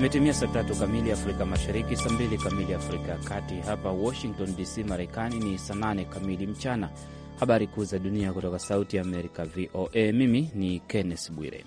Zimetimia saa tatu kamili Afrika Mashariki, saa mbili kamili Afrika ya Kati. Hapa Washington DC, Marekani ni saa nane kamili mchana. Habari kuu za dunia kutoka Sauti ya Amerika, VOA. Mimi ni Kenneth Bwire.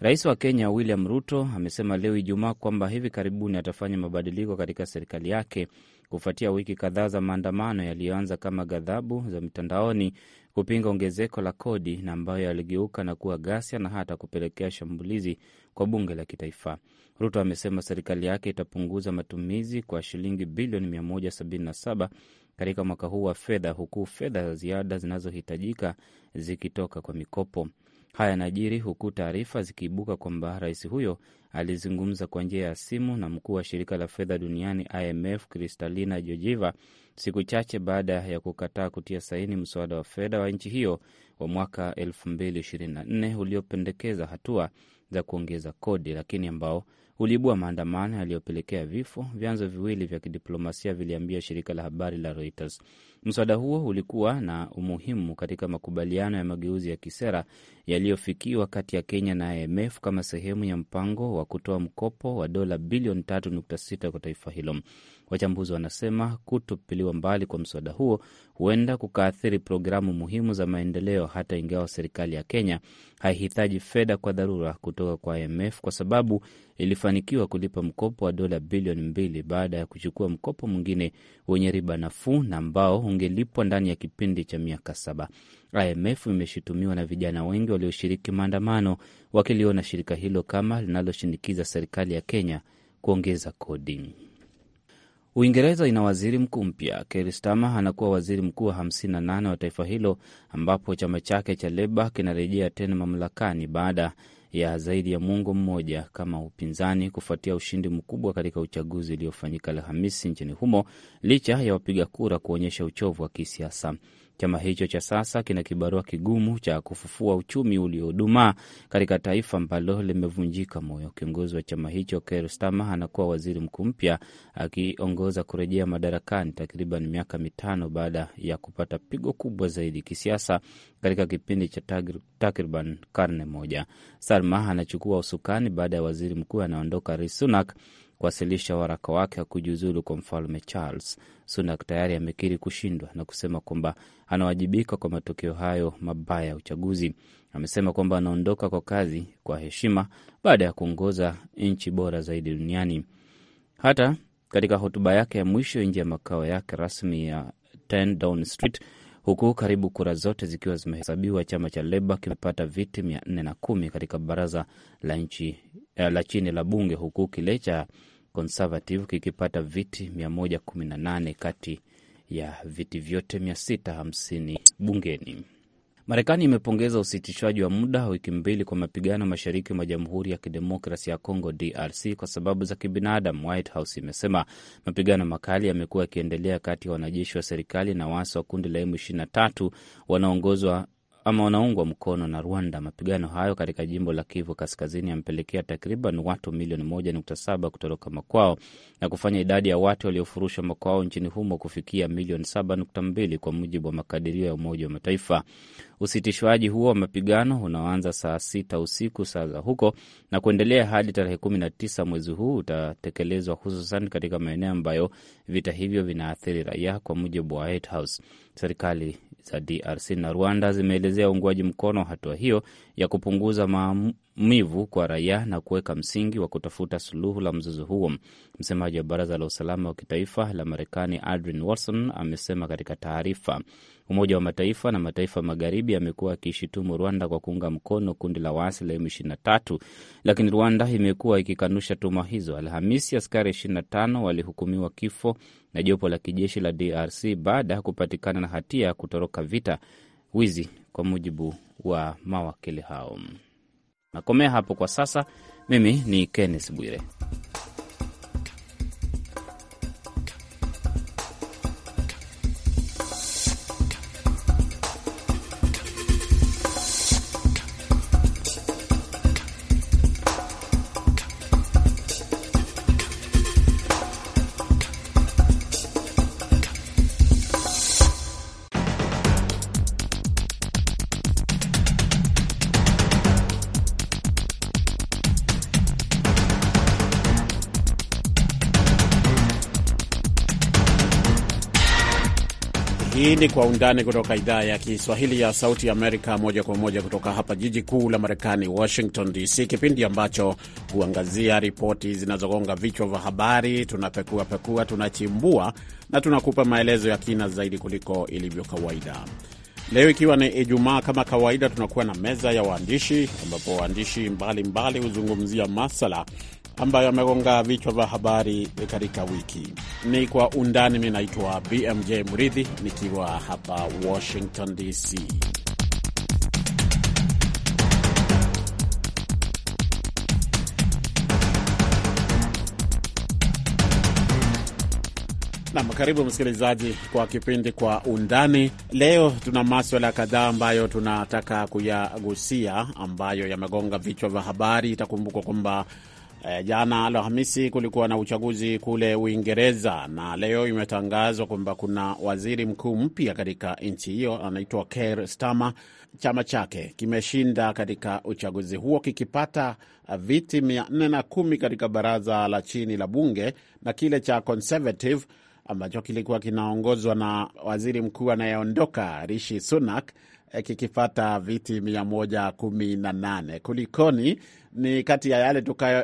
Rais wa Kenya William Ruto amesema leo Ijumaa kwamba hivi karibuni atafanya mabadiliko katika serikali yake kufuatia wiki kadhaa za maandamano yaliyoanza kama ghadhabu za mitandaoni kupinga ongezeko la kodi na ambayo yaligeuka na kuwa ghasia na hata kupelekea shambulizi kwa bunge la kitaifa. Ruto amesema serikali yake itapunguza matumizi kwa shilingi bilioni 177 katika mwaka huu wa fedha, huku fedha za ziada zinazohitajika zikitoka kwa mikopo. Haya yanajiri huku taarifa zikiibuka kwamba rais huyo alizungumza kwa njia ya simu na mkuu wa shirika la fedha duniani IMF Kristalina Georgieva siku chache baada ya kukataa kutia saini mswada wa fedha wa nchi hiyo wa mwaka 2024 uliopendekeza hatua za kuongeza kodi, lakini ambao uliibua maandamano yaliyopelekea vifo, vyanzo viwili vya kidiplomasia viliambia shirika la habari la Reuters. Mswada huo ulikuwa na umuhimu katika makubaliano ya mageuzi ya kisera yaliyofikiwa kati ya Kenya na IMF kama sehemu ya mpango wa kutoa mkopo wa dola bilioni 3.6 kwa taifa hilo. Wachambuzi wanasema kutupiliwa mbali kwa mswada huo huenda kukaathiri programu muhimu za maendeleo, hata ingawa serikali ya Kenya haihitaji fedha kwa dharura kutoka kwa IMF kwa sababu ilifanikiwa kulipa mkopo wa dola bilioni mbili baada ya kuchukua mkopo mwingine wenye riba nafuu na ambao ungelipwa ndani ya kipindi cha miaka saba. IMF imeshutumiwa na vijana wengi walioshiriki maandamano wakiliona shirika hilo kama linaloshinikiza serikali ya Kenya kuongeza kodi. Uingereza ina waziri mkuu mpya. Keir Starmer anakuwa waziri mkuu wa 58 wa taifa hilo, ambapo chama chake cha Leba kinarejea tena mamlakani baada ya zaidi ya mwongo mmoja kama upinzani kufuatia ushindi mkubwa katika uchaguzi uliofanyika Alhamisi nchini humo licha ya wapiga kura kuonyesha uchovu wa kisiasa. Chama hicho cha sasa kina kibarua kigumu cha kufufua uchumi uliodumaa katika taifa ambalo limevunjika moyo. Kiongozi wa chama hicho Keir Starmer anakuwa waziri mkuu mpya akiongoza kurejea madarakani takriban miaka mitano baada ya kupata pigo kubwa zaidi kisiasa katika kipindi cha takriban karne moja. Starmer anachukua usukani baada ya waziri mkuu anaondoka Rishi Sunak kuwasilisha waraka wake wa kujiuzulu kwa mfalme Charles. Sunak tayari amekiri kushindwa na kusema kwamba anawajibika kwa matokeo hayo mabaya ya uchaguzi. Amesema kwamba anaondoka kwa kazi kwa heshima baada ya kuongoza nchi bora zaidi duniani. Hata katika hotuba yake ya mwisho nje ya makao yake rasmi ya 10 Downing Street huku karibu kura zote zikiwa zimehesabiwa. Chama cha Leba kimepata viti mia nne na kumi katika baraza la nchi eh, la chini la bunge, huku kile cha Conservative kikipata viti 118 kati ya viti vyote 650 bungeni. Marekani imepongeza usitishwaji wa muda wa wiki mbili kwa mapigano mashariki mwa Jamhuri ya Kidemokrasi ya Kongo, DRC, kwa sababu za kibinadamu. White House imesema mapigano makali yamekuwa yakiendelea kati ya wanajeshi wa serikali na waasi wa kundi la M23 wanaongozwa ama wanaungwa mkono na Rwanda. Mapigano hayo katika jimbo la Kivu Kaskazini yamepelekea takriban watu milioni moja nukta saba kutoroka makwao na kufanya idadi ya watu waliofurushwa makwao nchini humo kufikia milioni saba nukta mbili kwa mujibu wa makadirio ya Umoja wa Mataifa. Usitishwaji huo wa mapigano unaoanza saa sita usiku saa za huko na kuendelea hadi tarehe kumi na tisa mwezi huu utatekelezwa hususan katika maeneo ambayo vita hivyo vinaathiri raia, kwa mujibu wa White House. Serikali za DRC na Rwanda zimeelezea uungwaji mkono wa hatua hiyo ya kupunguza maumivu kwa raia na kuweka msingi wa kutafuta suluhu la mzozo huo. Msemaji wa baraza la usalama wa kitaifa la Marekani Adrian Watson amesema katika taarifa, Umoja wa Mataifa na mataifa magharibi yamekuwa akishitumu Rwanda kwa kuunga mkono kundi la waasi la M23, lakini Rwanda imekuwa ikikanusha tuma hizo. Alhamisi, askari 25 walihukumiwa kifo na jopo la kijeshi la DRC baada ya kupatikana na hatia ya kutoroka vita wizi, kwa mujibu wa mawakili hao. Nakomea hapo kwa sasa. Mimi ni Kenneth Bwire. Hii ni Kwa Undani kutoka idhaa ya Kiswahili ya Sauti Amerika, moja kwa moja kutoka hapa jiji kuu la Marekani, Washington DC, kipindi ambacho huangazia ripoti zinazogonga vichwa vya habari. Tunapekua pekua, tunachimbua na tunakupa maelezo ya kina zaidi kuliko ilivyo kawaida. Leo ikiwa ni Ijumaa, kama kawaida, tunakuwa na meza ya waandishi ambapo waandishi mbalimbali huzungumzia masala ambayo amegonga vichwa vya habari katika wiki. Ni kwa undani. Mi naitwa BMJ mridhi nikiwa hapa Washington DC. Nam, karibu msikilizaji kwa kipindi kwa undani. Leo tuna maswala kadhaa ambayo tunataka kuyagusia ambayo yamegonga vichwa vya habari. Itakumbukwa kwamba E, jana Alhamisi kulikuwa na uchaguzi kule Uingereza na leo imetangazwa kwamba kuna waziri mkuu mpya katika nchi hiyo anaitwa Keir Starmer. Chama chake kimeshinda katika uchaguzi huo kikipata viti mia katika baraza la chini la bunge na kile cha Conservative ambacho kilikuwa kinaongozwa na waziri mkuu anayeondoka Rishi Sunak eh, kikifata viti 118. Kulikoni? Ni kati ya yale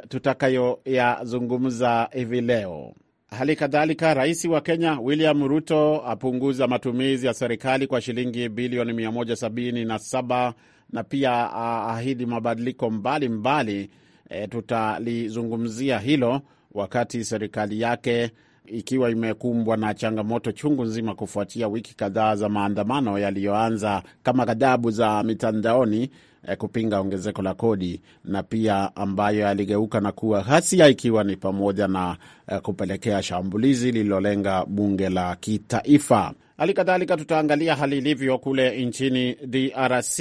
tutakayoyazungumza hivi leo. Hali kadhalika rais wa Kenya William Ruto apunguza matumizi ya serikali kwa shilingi bilioni 177 na pia aahidi mabadiliko mbalimbali. E, eh, tutalizungumzia hilo wakati serikali yake ikiwa imekumbwa na changamoto chungu nzima kufuatia wiki kadhaa za maandamano yaliyoanza kama ghadhabu za mitandaoni eh, kupinga ongezeko la kodi na pia ambayo yaligeuka na kuwa ghasia, ikiwa ni pamoja na eh, kupelekea shambulizi lililolenga bunge la kitaifa. Hali kadhalika tutaangalia hali ilivyo kule nchini DRC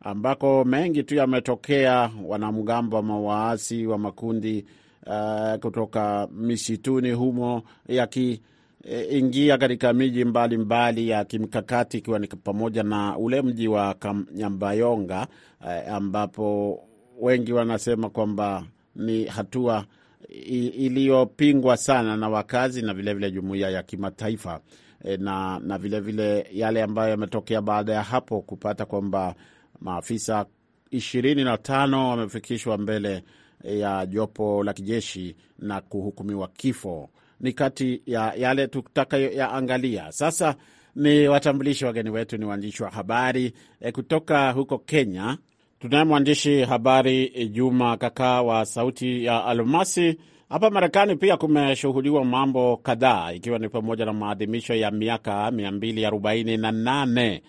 ambako mengi tu yametokea. Wanamgambo wa mawaasi wa makundi uh, kutoka misituni humo yakiingia e, katika miji mbalimbali mbali ya kimkakati ikiwa ni pamoja na ule mji wa Nyambayonga uh, ambapo wengi wanasema kwamba ni hatua iliyopingwa sana na wakazi na vilevile jumuiya ya kimataifa eh, na na vilevile vile yale ambayo yametokea baada ya hapo kupata kwamba maafisa ishirini na tano wamefikishwa mbele ya jopo la kijeshi na kuhukumiwa kifo. Ni kati ya yale tutakayoyaangalia sasa. Ni watambulishi wageni wetu, ni waandishi wa habari e, kutoka huko Kenya. Tunaye mwandishi habari eh, Juma Kakaa wa Sauti ya Almasi. Hapa Marekani pia kumeshuhudiwa mambo kadhaa, ikiwa ni pamoja na maadhimisho ya miaka 248 e,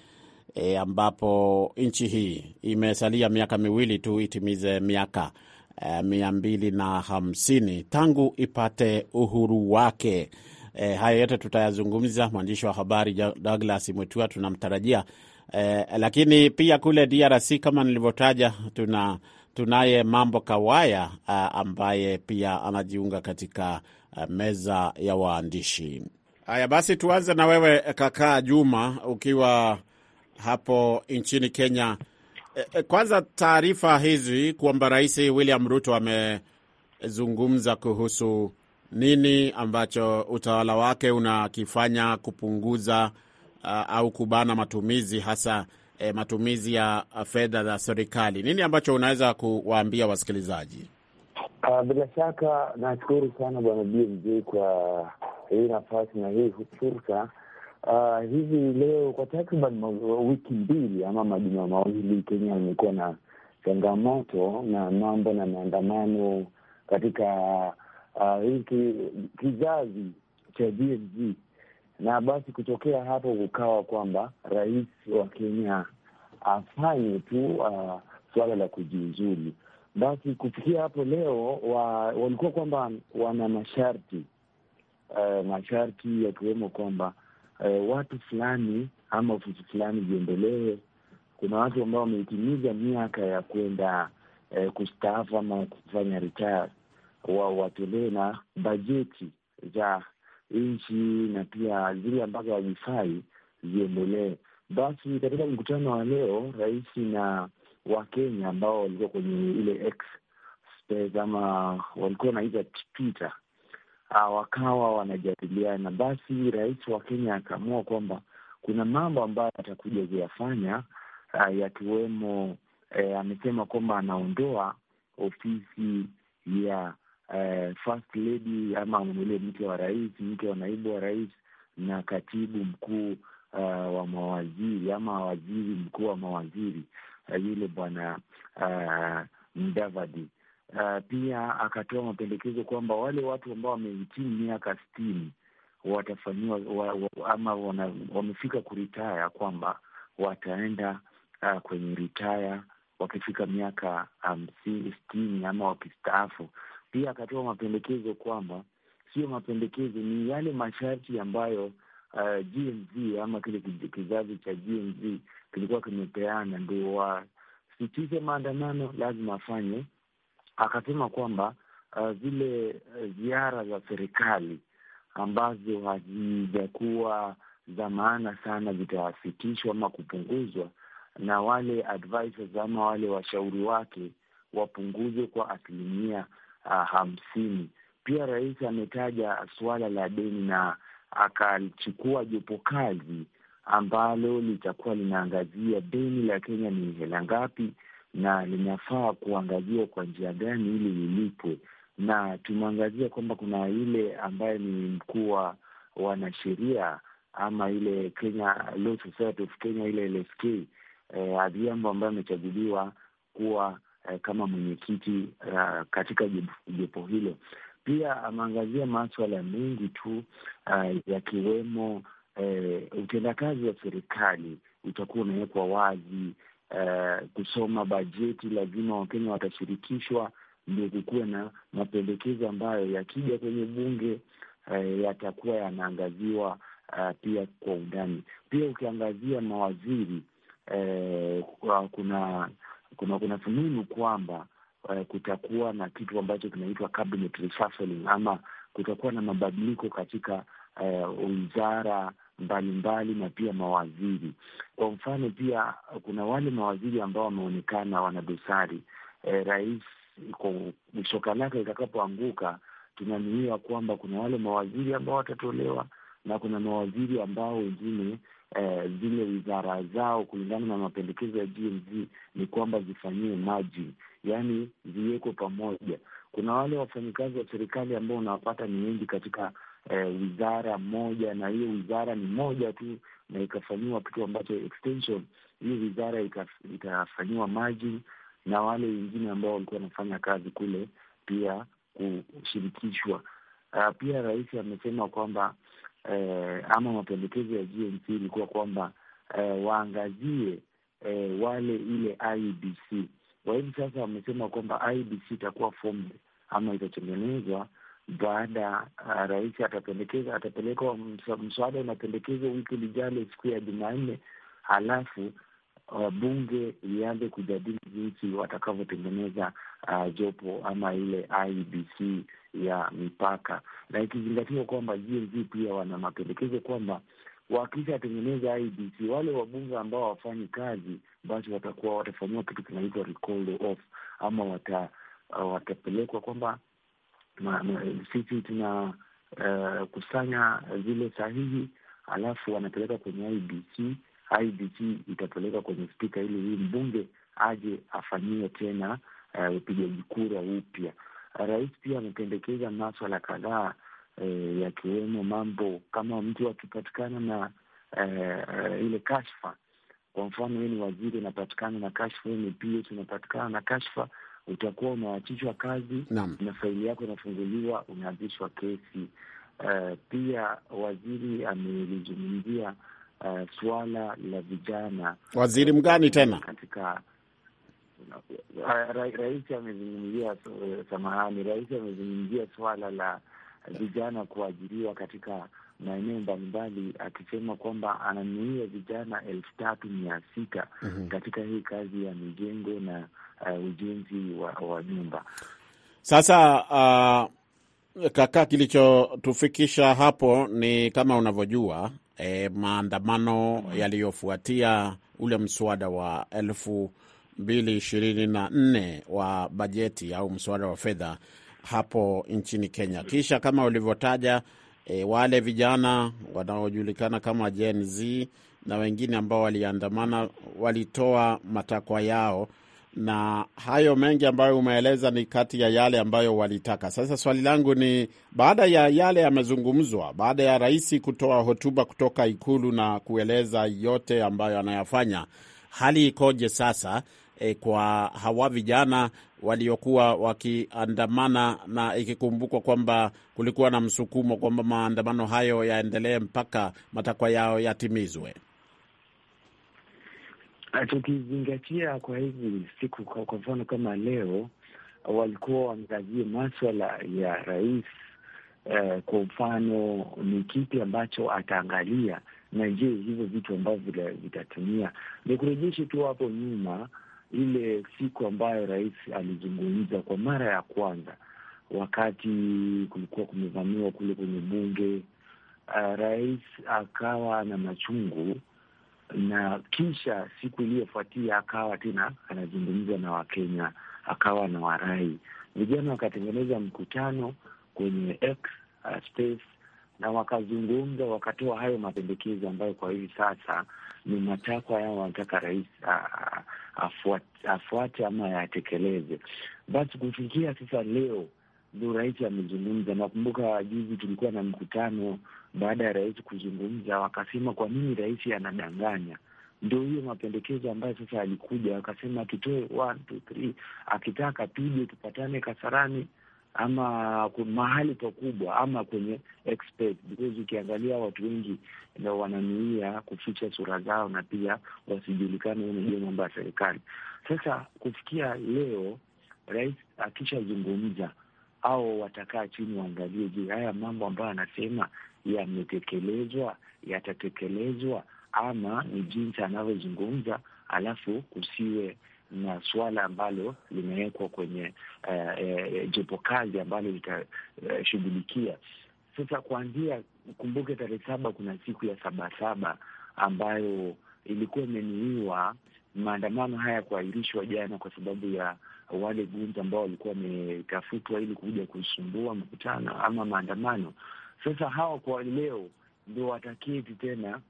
eh, ambapo nchi hii imesalia miaka miwili tu itimize miaka Eh, mia mbili na hamsini tangu ipate uhuru wake. E, haya yote tutayazungumza. Mwandishi wa habari Douglas Mwetua tunamtarajia e, lakini pia kule DRC kama nilivyotaja, tuna tunaye Mambo Kawaya a, ambaye pia anajiunga katika a, meza ya waandishi. Haya basi, tuanze na wewe kaka Juma, ukiwa hapo nchini Kenya. Eh, eh, kwanza taarifa hizi kwamba Rais William Ruto amezungumza kuhusu nini ambacho utawala wake unakifanya kupunguza uh, au kubana matumizi hasa eh, matumizi ya fedha za serikali. Nini ambacho unaweza kuwaambia wasikilizaji? Uh, bila shaka nashukuru sana Bwana BMJ kwa hii nafasi na hii fursa Uh, hivi leo kwa takriban wiki mbili ama majuma mawili Kenya imekuwa na changamoto na mambo na maandamano katika uh, ah, hiki kizazi cha Gen na basi kutokea hapo kukawa kwamba rais wa Kenya afanye tu uh, ah, suala la kujiuzulu. Basi kufikia hapo leo wa, walikuwa kwamba wana masharti uh, masharti yakiwemo kwamba eh, watu fulani ama ofisi fulani ziendelee. Kuna watu ambao wamehitimiza miaka ya kwenda eh, kustaafu ama kufanya retire, wao watolee na bajeti za nchi na pia zile ambazo hazifai ziendelee. Basi katika mkutano wa leo, rais na Wakenya ambao walikuwa kwenye ile X space ama walikuwa wanaita Twitter Ah, wakawa wanajadiliana. Basi rais wa Kenya akaamua kwamba kuna mambo ambayo atakuja kuyafanya ah, yakiwemo, eh, amesema kwamba anaondoa ofisi ya eh, first lady ama ule mke wa rais, mke wa naibu wa rais na katibu mkuu uh, wa mawaziri ama waziri mkuu wa mawaziri uh, yule bwana uh, Mdavadi Uh, pia akatoa mapendekezo kwamba wale watu ambao wamehitimu miaka sitini watafanyiwa wa, wa, ama wana, wamefika kuritaya kwamba wataenda uh, kwenye ritaya wakifika miaka hamsini sitini ama wakistaafu. Pia akatoa mapendekezo kwamba sio mapendekezo, ni yale masharti ambayo uh, eh, Gen ama kile kizazi cha kilikuwa kimepeana, ndio wasitize maandamano lazima afanye Akasema kwamba uh, zile uh, ziara za serikali ambazo hazijakuwa za maana sana zitasitishwa ama kupunguzwa, na wale advisors ama wale washauri wake wapunguzwe kwa asilimia uh, hamsini. Pia rais ametaja suala la deni na akachukua jopo kazi ambalo litakuwa linaangazia deni la Kenya ni hela ngapi na linafaa kuangaziwa kwa njia gani ili lilipwe. Na tumeangazia kwamba kuna yule ambaye ni mkuu wa wanasheria ama ile Kenya Law Society of Kenya ile LSK eh, Adhiambo ambaye amechaguliwa kuwa eh, kama mwenyekiti uh, katika jopo hilo. Pia ameangazia maswala mengi tu uh, yakiwemo eh, utendakazi wa serikali utakuwa unawekwa wazi Eh, kusoma bajeti, lazima Wakenya watashirikishwa ndio kukuwe na mapendekezo ambayo yakija kwenye bunge eh, yatakuwa yanaangaziwa eh, pia kwa undani. Pia ukiangazia mawaziri eh, kuna kuna kuna, fununu kwamba eh, kutakuwa na kitu ambacho kinaitwa cabinet reshuffling ama kutakuwa na mabadiliko katika uh, wizara mbalimbali na pia mawaziri. Kwa mfano, pia kuna wale mawaziri ambao wameonekana wana dosari e, rais shoka lake litakapoanguka, tunanuia kwamba kuna wale mawaziri ambao watatolewa na kuna mawaziri ambao wengine e, zile wizara zao kulingana na mapendekezo ya GMZ ni kwamba zifanyiwe maji, yaani ziwekwe pamoja. Kuna wale wafanyikazi wa serikali ambao unawapata ni wengi katika eh, wizara moja, na hiyo wizara ni moja tu, na ikafanyiwa kitu ambacho extension, hiyo wizara itafanyiwa maji na wale wengine ambao walikuwa wanafanya kazi kule pia kushirikishwa. Uh, pia rais amesema kwamba eh, ama mapendekezo ya GNC ilikuwa kwamba eh, waangazie eh, wale ile ibc kwa hivi sasa wamesema kwamba IBC itakuwa formed ama itatengenezwa baada uh, rais atapendekeza atapelekwa mswada unapendekezwa wiki lijalo siku ya Jumanne, halafu wabunge ah, lianze kujadili jinsi watakavyotengeneza uh, jopo ama ile IBC ya mipaka, na ikizingatiwa kwamba GNG pia wana mapendekezo kwamba wakishatengeneza IBC wale wabunge ambao wafanyi kazi, basi watakuwa watafanyiwa kitu kinaitwa recall off ama wata, uh, watapelekwa kwamba sisi tuna uh, kusanya zile sahihi alafu wanapeleka kwenye IBC. IBC itapeleka kwenye spika ili huyu mbunge aje afanyie tena eh, upigaji kura upya. Rais pia amependekeza maswala kadhaa uh, yakiwemo mambo kama mtu akipatikana na uh, uh, ile kashfa. Kwa mfano, yeye ni waziri, unapatikana na kashfa, yeye ni PS, unapatikana na kashfa utakuwa unaachishwa kazi na, na faili yako inafunguliwa, unaanzishwa kesi. Uh, pia waziri amelizungumzia uh, eh, suala la vijana. Waziri mgani tena? katika eh, rais amezungumzia, samahani, rais amezungumzia suala la vijana kuajiriwa katika maeneo mbalimbali, akisema kwamba ananuia vijana elfu tatu mia sita mhm. katika hii kazi ya mijengo na uh, ujenzi wa, wa nyumba. Sasa uh, kaka, kilichotufikisha hapo ni kama unavyojua e, maandamano yaliyofuatia ule mswada wa elfu mbili ishirini na nne wa bajeti au mswada wa fedha hapo nchini Kenya, kisha kama ulivyotaja e, wale vijana wanaojulikana kama Gen Z na wengine ambao waliandamana walitoa matakwa yao na hayo mengi ambayo umeeleza ni kati ya yale ambayo walitaka. Sasa swali langu ni baada ya yale yamezungumzwa, baada ya rais kutoa hotuba kutoka Ikulu na kueleza yote ambayo anayafanya, hali ikoje sasa e, kwa hawa vijana waliokuwa wakiandamana na ikikumbukwa kwamba kulikuwa na msukumo kwamba maandamano hayo yaendelee mpaka matakwa yao yatimizwe? Tukizingatia kwa hizi siku, kwa mfano kama leo walikuwa waangazia maswala ya rais eh, kwa mfano ni kipi ambacho ataangalia, na je, hivyo vitu ambavyo vitatumia ni kurejesha tu hapo nyuma, ile siku ambayo rais alizungumza kwa mara ya kwanza wakati kulikuwa kumevamiwa kule kwenye bunge. Uh, rais akawa na machungu na kisha siku iliyofuatia akawa tena anazungumza na Wakenya, akawa na warai vijana, wakatengeneza mkutano kwenye X uh, space na wakazungumza, wakatoa hayo mapendekezo ambayo kwa hivi sasa ni matakwa yao, wanataka rais uh, afuate ama yatekeleze. Basi kufikia sasa leo ndio rais amezungumza. Nakumbuka juzi tulikuwa na mkutano baada ya rais kuzungumza, wakasema kwa nini rais anadanganya? Ndio hiyo mapendekezo ambayo sasa alikuja akasema tutoe one two three, akitaka pige tupatane Kasarani ama mahali pakubwa ama kwenye expert, because ukiangalia watu wengi ndio wananuia kuficha sura zao na pia wasijulikane. Unajua mambo ya serikali. Sasa kufikia leo rais akishazungumza, au watakaa chini waangalie, je, haya mambo ambayo anasema yametekelezwa, yatatekelezwa, ama ni jinsi anavyozungumza, alafu kusiwe na suala ambalo limewekwa kwenye uh, uh, jopo kazi ambalo litashughulikia uh, sasa. Kuanzia kumbuke, tarehe saba kuna siku ya Sabasaba ambayo ilikuwa imenuiwa maandamano haya kuahirishwa jana kwa sababu ya wale gunzi ambao walikuwa wametafutwa ili kuja kusumbua mkutano ama maandamano. Sasa hawa kwa leo ndio wataketi tena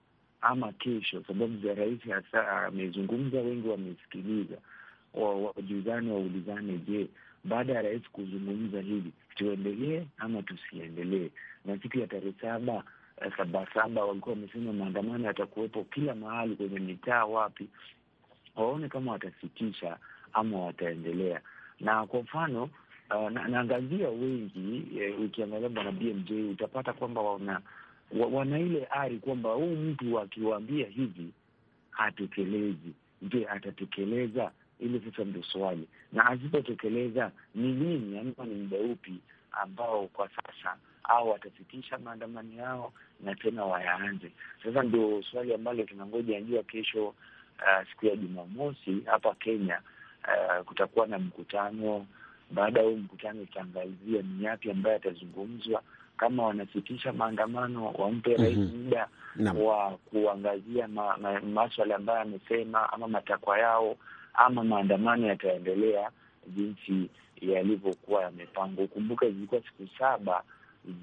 ama kesho, sababu za rais hasa amezungumza, wengi wamesikiliza, wajuzani waulizane, je, baada ya rais kuzungumza hivi tuendelee ama tusiendelee? Na siku ya tarehe saba eh, saba saba walikuwa wamesema maandamano yatakuwepo kila mahali, kwenye mitaa, wapi, waone kama watasitisha ama wataendelea. Na kwa mfano Ah, na, naangazia wengi eh, ukiangalia bwana BMJ utapata kwamba wana, wa, wana ile ari kwamba huu mtu akiwaambia hivi hatekelezi. Je, atatekeleza? Ili sasa ndio swali, na asipotekeleza ni nini ama yaani ni muda upi ambao kwa sasa au watasitisha maandamano yao na tena wayaanze sasa. Ndio swali ambalo tunangoja jua kesho, uh, siku ya Jumamosi hapa Kenya, uh, kutakuwa na mkutano baada ya huu mkutano utaangazia ni yapi ambayo atazungumzwa. Kama wanasitisha maandamano, wampe mhm. rais muda mm -hmm. wa kuangazia maswala ambayo amesema ama matakwa yao, ama maandamano yataendelea jinsi yalivyokuwa yamepangwa. Ukumbuka zilikuwa siku saba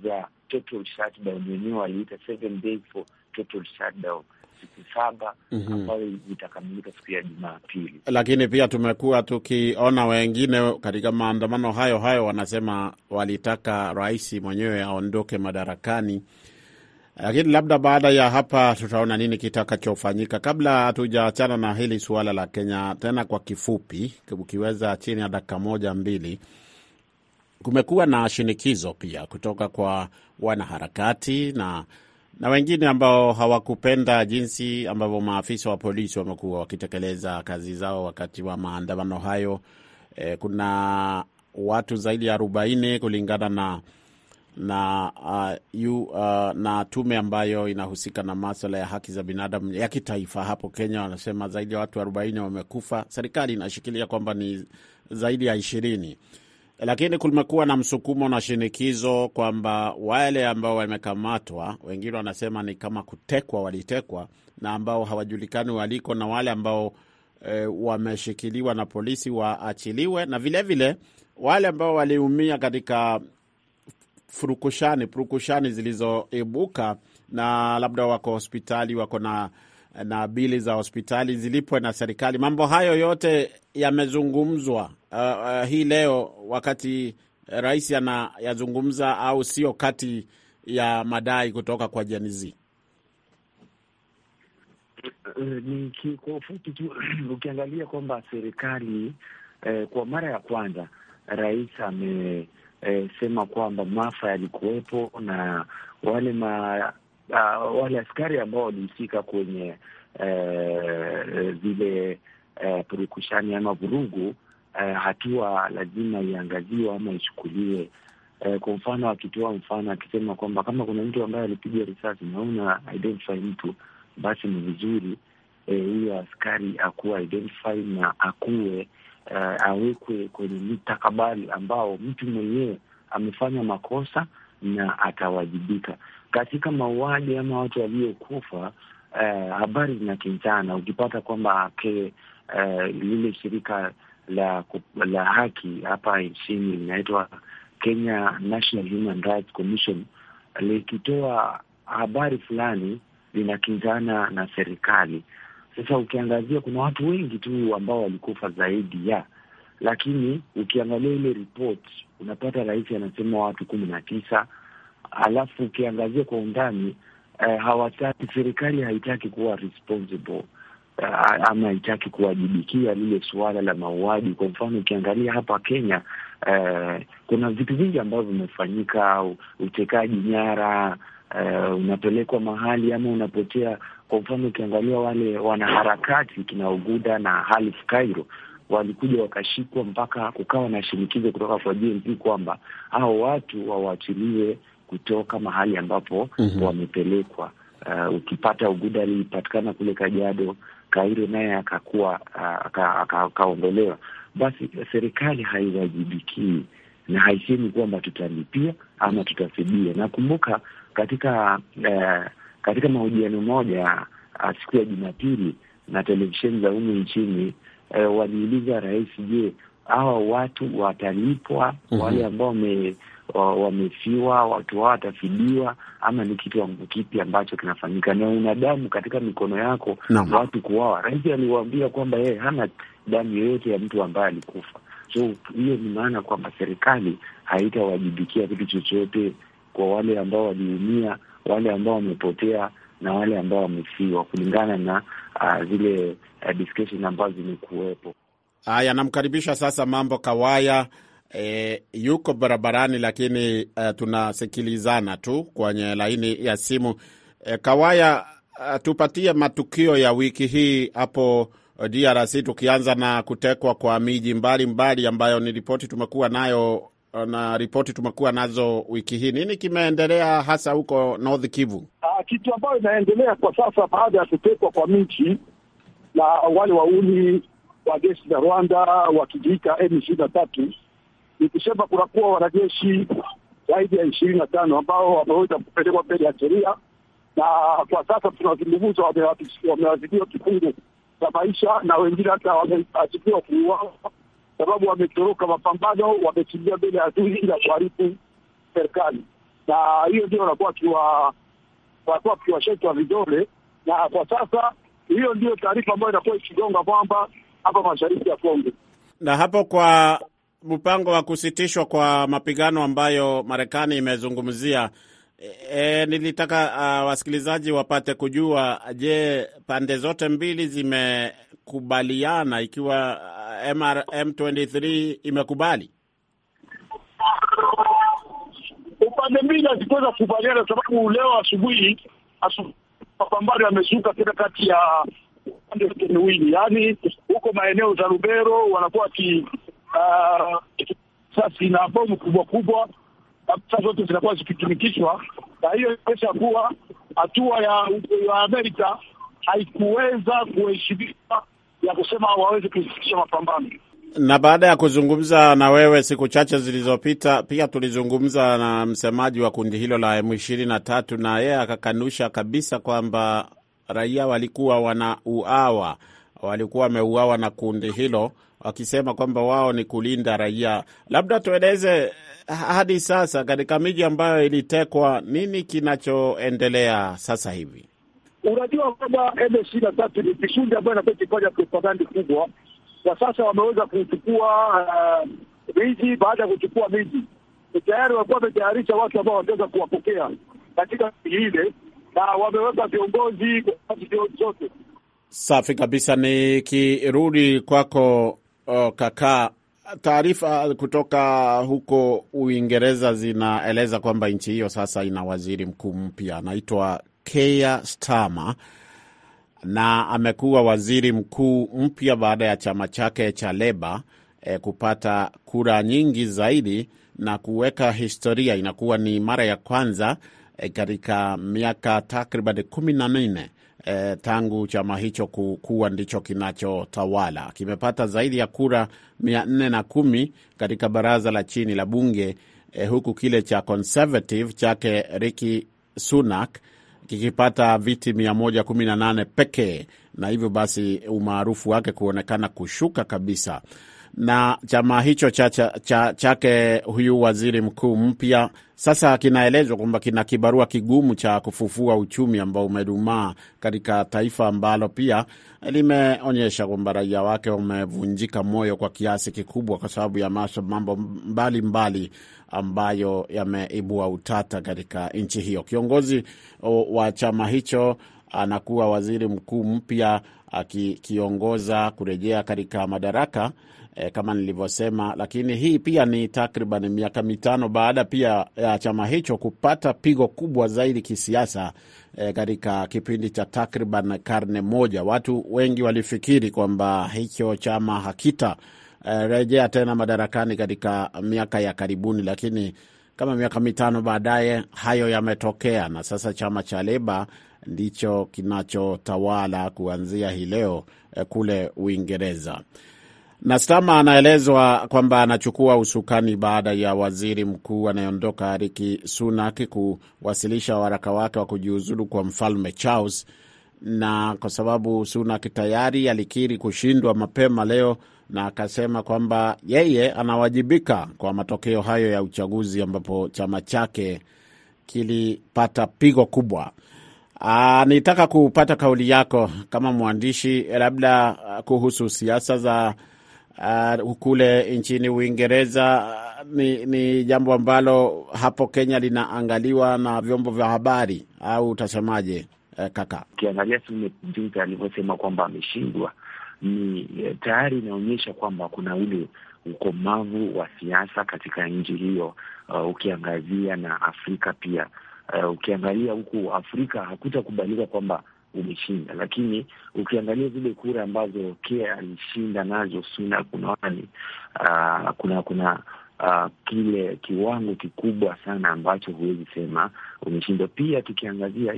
za total shutdown, wenyewe waliita seven days for total shutdown siku saba mm -hmm. ambayo itakamilika siku ya Jumapili. Lakini pia tumekuwa tukiona wengine katika maandamano hayo hayo wanasema walitaka rais mwenyewe aondoke madarakani, lakini labda baada ya hapa tutaona nini kitakachofanyika. Kabla hatujaachana na hili suala la Kenya tena, kwa kifupi, ukiweza chini ya dakika moja mbili kumekuwa na shinikizo pia kutoka kwa wanaharakati na na wengine ambao hawakupenda jinsi ambavyo maafisa wa polisi wamekuwa wakitekeleza kazi zao wakati wa maandamano hayo. E, kuna watu zaidi ya arobaini kulingana na na uh, yu, uh, na tume ambayo inahusika na maswala ya haki za binadamu ya kitaifa hapo Kenya, wanasema zaidi ya watu arobaini wamekufa. Serikali inashikilia kwamba ni zaidi ya ishirini lakini kumekuwa na msukumo na shinikizo kwamba wale ambao wamekamatwa, wengine wanasema ni kama kutekwa, walitekwa na ambao hawajulikani waliko, na wale ambao e, wameshikiliwa na polisi waachiliwe, na vilevile vile, wale ambao waliumia katika furukushani furukushani zilizoibuka na labda wako hospitali wako na na bili za hospitali zilipwe na serikali. Mambo hayo yote yamezungumzwa uh, uh, hii leo wakati rais anayazungumza au sio kati ya madai kutoka kwa Janizi? Eh, ni kwa ufupi tu ukiangalia kwamba serikali eh, kwa mara ya kwanza rais amesema eh, kwamba maafa yalikuwepo na wale ma, uh, wale askari ambao walihusika kwenye eh, zile eh, purukushani ama vurugu eh, hatua lazima iangaziwe ama ichukuliwe. Eh, kwa mfano akitoa mfano akisema kwamba kama kuna mtu ambaye alipiga risasi na una identify mtu, basi ni vizuri huyo eh, askari akuwa identify na akuwe eh, awekwe kwenye mtakabali ambao mtu mwenyewe amefanya makosa na atawajibika katika mauaji ama watu waliokufa. Eh, habari zinakinchana, ukipata kwamba ke eh, lile shirika la, la haki hapa nchini linaitwa Kenya National Human Rights Commission likitoa habari fulani linakinzana na serikali. Sasa ukiangazia kuna watu wengi tu ambao walikufa zaidi ya, lakini ukiangalia ile report unapata rais anasema watu kumi na tisa alafu ukiangazia kwa undani eh, hawataki serikali haitaki kuwa responsible uh, ama haitaki kuwajibikia lile suala la mauaji. Kwa mfano ukiangalia hapa Kenya uh, kuna vitu vingi ambavyo vimefanyika, utekaji nyara Uh, unapelekwa mahali ama unapotea. Kwa mfano ukiangalia wale wanaharakati kina Uguda na Halif Cairo walikuja wakashikwa, mpaka kukawa na shinikizo kutoka kwa JMP kwamba hao watu wawaachiliwe kutoka mahali ambapo mm -hmm. wamepelekwa. Uh, ukipata uguda alipatikana kule kajado Kairo naye akakuwa akaondolewa, basi serikali haiwajibikii na haisemi kwamba tutalipia ama tutasidia. Nakumbuka katika eh, katika mahojiano moja siku ya Jumapili na televisheni za umu nchini eh, waliuliza rais, je, hawa watu watalipwa? mm -hmm. wale ambao wame wamefiwa, watu wao watafidiwa, ama ni kitu kipi ambacho kinafanyika? Na unadamu damu katika mikono yako no. watu kuwawa. Rais aliwaambia kwamba yeye hana damu yoyote ya mtu ambaye alikufa, so hiyo ni maana kwamba serikali haitawajibikia kitu chochote kwa wale ambao waliumia, wale ambao wamepotea na wale ambao wamefiwa kulingana na uh, zile uh, discussion ambazo zimekuwepo. Haya, namkaribisha sasa Mambo Kawaya e, yuko barabarani lakini e, tunasikilizana tu kwenye laini ya simu e, Kawaya, e, tupatie matukio ya wiki hii hapo DRC tukianza na kutekwa kwa miji mbalimbali ambayo ni ripoti tumekuwa nayo e, na ripoti tumekuwa nazo wiki hii. Nini kimeendelea hasa huko North Kivu? Uh, kitu ambayo inaendelea kwa sasa baada ya kutekwa kwa miji na wale wauni wa jeshi la Rwanda wakijiita M ishirini na tatu ni kusema kunakuwa wanajeshi zaidi ya ishirini na tano ambao wameweza kupelekwa mbele ya sheria, na kwa sasa tunazungumza, wamewazidiwa kifungu cha maisha na wengine hata wameazidiwa kuuawa, sababu wametoroka mapambano, wamekimbia mbele ya adui ila kuharibu serikali. Na hiyo ndio wanakuwa wanakuwa kiwashetwa vidole, na kwa sasa hiyo ndio taarifa ambayo inakuwa ikigonga kwamba hapa mashariki ya Kongo na hapo kwa mpango wa kusitishwa kwa mapigano ambayo Marekani imezungumzia, e, e, nilitaka uh, wasikilizaji wapate kujua, je, pande zote mbili zimekubaliana ikiwa MRM23 imekubali upande mbili hazikuweza kukubaliana, sababu leo asubuhi mapambano yamezuka tena kati ya upande wote miwili, yaani huko maeneo za Rubero wanakuwa Ah, sasa ina bomu kubwa kubwa, saa zote zinakuwa zikitumikishwa, na hiyo inaonyesha kuwa hatua ya Amerika haikuweza kuheshimika ya kusema waweze kuifikisha mapambano. Na baada ya kuzungumza na wewe siku chache zilizopita, pia tulizungumza na msemaji wa kundi hilo la m tatu na yeye akakanusha kabisa kwamba raia walikuwa wanauawa, walikuwa wameuawa na kundi hilo wakisema kwamba wao ni kulinda raia. Labda tueleze eh, hadi sasa katika miji ambayo ilitekwa, nini kinachoendelea sasa hivi? Unajua kwamba ishirini na tatu ni kikundi ambayo inakuwa ikifanya propagandi kubwa. Kwa sasa wameweza kuchukua eh, miji, baada ya kuchukua miji tayari walikuwa wametayarisha watu ambao wataweza kuwapokea katika miji ile, na wameweka viongozi kwa kazi zote. Safi kabisa. Nikirudi kwako kaka taarifa kutoka huko Uingereza zinaeleza kwamba nchi hiyo sasa ina waziri mkuu mpya anaitwa kea stama na amekuwa waziri mkuu mpya baada ya chama chake cha Leba e, eh, kupata kura nyingi zaidi na kuweka historia. Inakuwa ni mara ya kwanza e, katika miaka takriban kumi na minne eh, tangu chama hicho kuwa ndicho kinachotawala. Kimepata zaidi ya kura mia nne na kumi katika baraza la chini la bunge eh, huku kile cha Conservative chake riki Sunak kikipata viti 118 pekee, na hivyo basi umaarufu wake kuonekana kushuka kabisa. Na chama hicho chake cha, cha, chake huyu waziri mkuu mpya sasa kinaelezwa kwamba kina kibarua kigumu cha kufufua uchumi ambao umedumaa katika taifa ambalo pia limeonyesha kwamba raia wake wamevunjika moyo kwa kiasi kikubwa kwa sababu ya mambo mbalimbali mbali ambayo yameibua utata katika nchi hiyo. Kiongozi wa chama hicho anakuwa waziri mkuu mpya akikiongoza kurejea katika madaraka e, kama nilivyosema, lakini hii pia ni takriban miaka mitano baada pia ya chama hicho kupata pigo kubwa zaidi kisiasa eh, katika kipindi cha takriban karne moja. Watu wengi walifikiri kwamba hicho chama hakita e, rejea tena madarakani katika miaka ya karibuni, lakini kama miaka mitano baadaye hayo yametokea, na sasa chama cha Leba ndicho kinachotawala kuanzia hii leo kule Uingereza na Stama anaelezwa kwamba anachukua usukani baada ya waziri mkuu anayeondoka riki Sunak kuwasilisha waraka wake wa kujiuzulu kwa mfalme Charles, na kwa sababu Sunak tayari alikiri kushindwa mapema leo na akasema kwamba yeye anawajibika kwa matokeo hayo ya uchaguzi ambapo chama chake kilipata pigo kubwa. Aa, ah, nitaka kupata kauli yako kama mwandishi labda kuhusu siasa za uh, kule nchini Uingereza ni, ni jambo ambalo hapo Kenya linaangaliwa na vyombo vya habari au utasemaje? eh, kaka, ukiangalia Sule Junta alivyosema kwamba ameshindwa ni eh, tayari inaonyesha kwamba kuna ule ukomavu wa siasa katika nchi hiyo. Uh, ukiangazia na Afrika pia uh, ukiangalia huku Afrika hakutakubalika kwamba umeshinda, lakini ukiangalia zile kura ambazo Kea alishinda nazo Sunak, unaona ni kuna kuna uh, kile kiwango kikubwa sana ambacho huwezi sema umeshindwa. Pia tukiangazia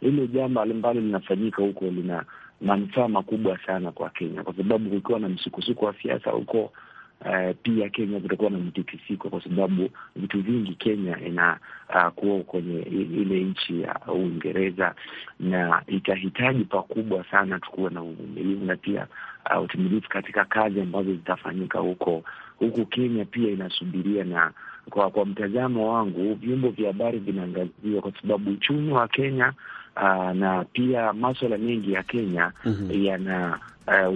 hilo jambo ambalo linafanyika huko lina manufaa makubwa sana kwa Kenya, kwa sababu kukiwa na msukosuko wa siasa huko Uh, pia Kenya kutakuwa na mtikisiko kwa sababu vitu vingi Kenya ina uh, kwenye ile nchi ya Uingereza na itahitaji pakubwa sana tukuwe na uvumilivu na pia uh, utimilifu katika kazi ambazo zitafanyika huko huku. Kenya pia inasubiria na kwa, kwa mtazamo wangu vyombo vya habari vinaangaziwa kwa sababu uchumi wa Kenya uh, na pia maswala mengi ya Kenya mm -hmm. yana Eh,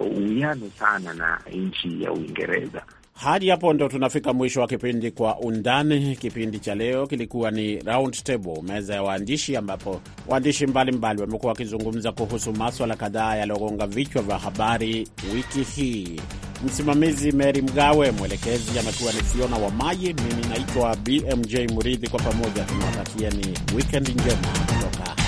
uwiano uh, sana na nchi ya Uingereza. Hadi hapo ndo tunafika mwisho wa kipindi Kwa Undani. Kipindi cha leo kilikuwa ni round table, meza ya waandishi, ambapo waandishi mbalimbali wamekuwa wakizungumza kuhusu maswala kadhaa yaliyogonga vichwa vya habari wiki hii. Msimamizi Meri Mgawe, mwelekezi amekuwa ni Fiona wa Maji, mimi naitwa BMJ Muridhi. Kwa pamoja ni wikendi njema kutoka